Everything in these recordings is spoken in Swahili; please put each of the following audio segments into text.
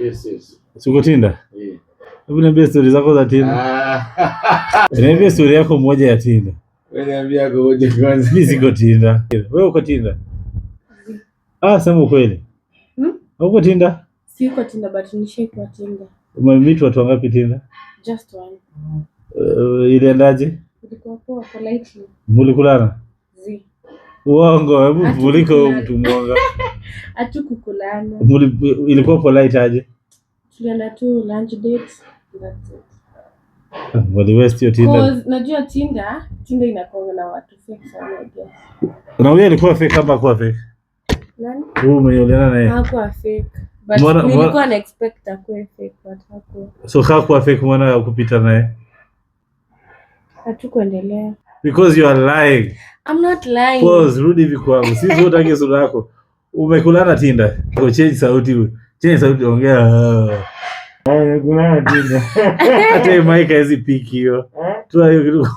Yes, yes. Siko Tinda? Yeah. Hebu niambie stori zako za Tinda. Ah. Niambie stori yako moja ya Tinda. Wewe niambia yako moja kwanza. Mimi siko Tinda. Wewe uko Tinder? Hmm? Ah, sema ukweli. Hmm? Uko Tinda? Siko Tinder but nishiko Tinda. Umemeet watu wangapi Tinder? Just one. Uh, iliendaje? Ilikuwa poa politely. Mulikulana? Zi. Uongo, hebu muliko mtu mwongo. Hatukukulana. Ilikuwa polite aje? Tulienda tu lunch date. That's it. Najua Tinder, Tinder inakuwa na watu fake sana I guess. Na huyo alikuwa fake kama kwa fake. Nani? Huyo umeelewana naye. Hakuwa fake. But nilikuwa na expect akuwe fake but hakuwa. So hakuwa fake mwana ya kupita naye. Hatukuendelea. Because you are lying. I'm not lying. Pause, rudi hivi kwangu. Sisi wote tunataka sura Umekulana Tinda. Change sauti. Change sauti ongea. Ah. Tinda. Hata hii mic hizi piki hiyo. Eh? tuwa hiyo kitu.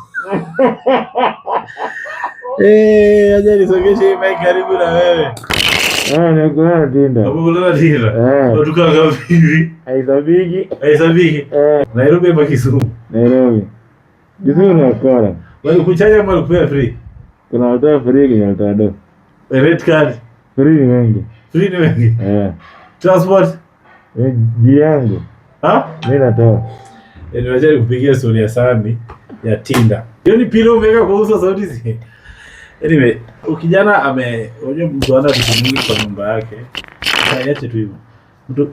Eh, aje nisogeshe hii mic karibu na wewe. Ah, umekulana Tinda. Umekulana Tinda. Unatoka ngapi hivi? Haisabiki. Haisabiki. Eh. Nairobi ama Kisumu? Nairobi. Kisumu na Kora. Wewe kuchaja ama free? Kuna watu free kwenye mtandao. Red card. Three ni wengi. Three ni wengi. Eh. Transport. Eh, jiangu. Ha? Mimi natoa. Eh, niwaje kupigia story ya Sami ya Tinder. Hiyo ni pilo kwa uso sauti zi. Anyway, ukijana ame unajua mtu ana vitu mingi kwa nyumba yake. Saiache tu hivyo.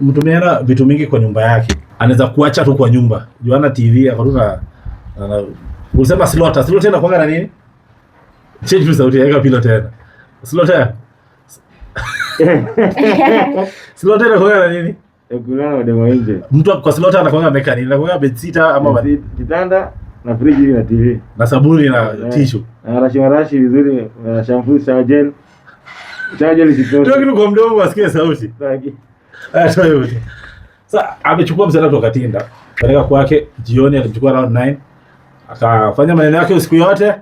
Mtu ana vitu mingi kwa nyumba yake. Anaweza kuacha tu kwa nyumba. Joana TV akaruna ana Ulisema slota, slota tena kwanga na nini? Change sauti yake pilo tena. Slota. Slota na nini? Mtu kwa slota nini? ama kitanda na friji na TV na sabuni na eh. tishu na rashi marashi vizuri na kwa mdomo sauti. amechukua kutoka kwake jioni alimchukua round 9. Akafanya maneno yake usiku yote.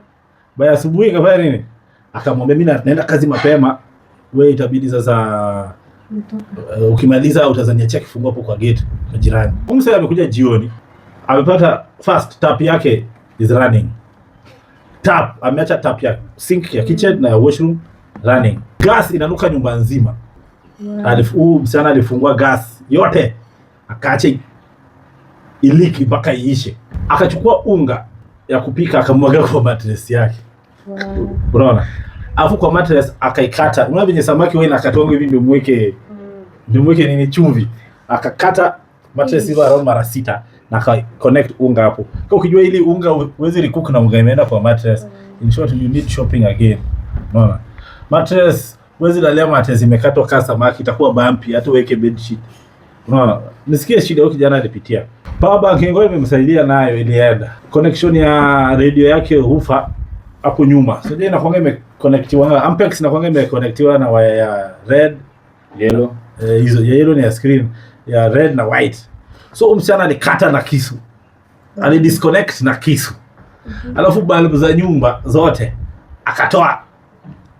Baada asubuhi kafanya nini? Akamwambia mimi naenda kazi mapema we itabidi sasa uh, ukimaliza utazania kifungua hapo kwa gate kwa jirani. Mse amekuja jioni, amepata first tap yake is running. Tap ameacha tap ya sink ya kitchen na ya washroom running. Gas inanuka nyumba nzima. Yeah. Alifu msichana alifungua gas yote akaache iliki mpaka iishe. Akachukua unga ya kupika akamwaga kwa matresi yake. Wow. Unaona? afu kwa mattress akaikata. Unaona vyenye samaki wewe inakatwa hivi ndio muweke ndio muweke nini chumvi. Akakata mattress hiyo around mara sita na ka connect unga hapo. Kwa ukijua ili unga uweze recook na unga imeenda kwa mattress. In short you need shopping again. Unaona? Mattress uweze lalia mattress imekatwa kama samaki itakuwa bumpy hata uweke bed sheet. Unaona? Nisikie shida huyo kijana alipitia. Power bank ngoja imemsaidia nayo ilienda. Connection ya radio yake hufa hapo nyuma, sijui inakuanga imeconnectiwa Ampex, inakuanga imeconnectiwa na waya ya red yellow, eh, hizo ya yellow ni ya screen ya red na white. So msichana alikata na kisu, ali disconnect na kisu, mm -hmm. alafu balbu za nyumba zote akatoa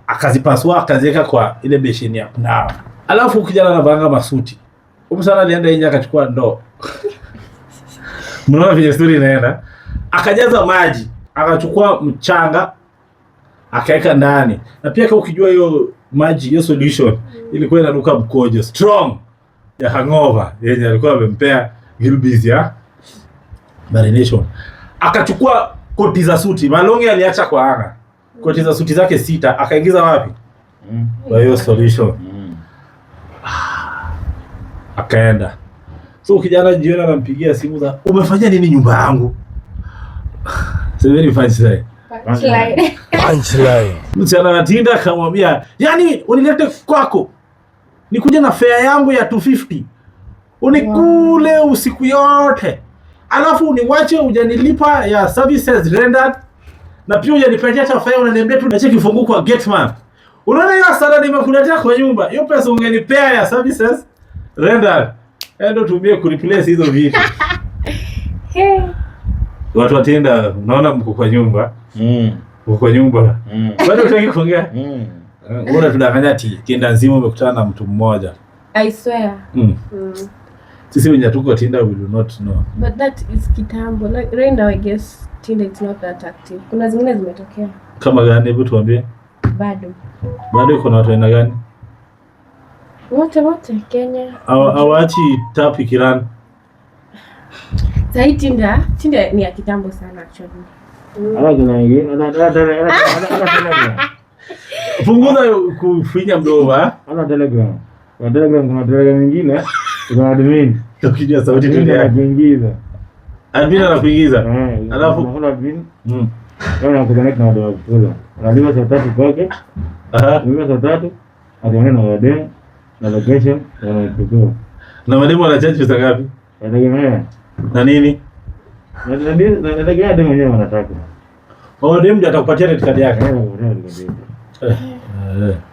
akazipasua akaziweka kwa ile besheni ya kunawa. Alafu kijana anavanga masuti, msichana alienda nje akachukua ndoo, mnaona vile story inaenda, akajaza maji akachukua mchanga akaweka ndani, na pia kama ukijua hiyo maji hiyo solution mm. ilikuwa inanuka mkojo strong ya hangover yenye alikuwa amempea Gilbiz ya marination. Akachukua koti za suti, Malongi aliacha kwa anga mm. koti za suti zake sita, akaingiza wapi? Mm. Kwa hiyo solution ah, akaenda. So kijana jiona anampigia simu za umefanya nini nyumba yangu? Sivini punchline. Punchline. Punchline. akamwambia, "Yaani unilete kwako. Nikuje na fare yangu ya 250. Unikule wow. usiku yote. Alafu uniwache ujanilipa ya services rendered na pia hujanipatia hata fare unaniambia tu niache kifungu kwa gateman. Unaona hiyo sala nimekuletea kwa nyumba. Hiyo pesa ungenipea ya services rendered. Endo tumie kureplace hizo vitu. watu watenda, unaona mko kwa nyumba mm. kwa nyumba mm. bado unataka kuongea mm. Eh, unaona tunafanya ati Tinder nzima umekutana na mtu mmoja. I swear. Mm. Mm. Sisi wenye tuko Tinder we do not know. But that is kitambo. Like, right now I guess Tinder is not that active. Kuna zingine zimetokea. Kama gani? Hebu tuambie. Bado. Bado kuna watu aina gani? Wote wote Kenya. Hawaachi tap ikiran. Sahi Tinda, Tinda ni ya kitambo sana actually. Punguza kufinya mdomo. Ana Telegram. Ana Telegram, kuna Telegram nyingine kuna admin. Tukijua sauti tu ndio anakuingiza. Admin anakuingiza. Eh, Alafu kuna admin. Mm. Ana kuconnect na watu wa kula. Analipa saa tatu kwake. Aha. Analipa saa tatu. Ataongea na wadem na location na kutoa. Na mademu ngapi? Anategemea na nini nategemea mwenyewe anataka. Oh, dem atakupatia red card yake. Eh,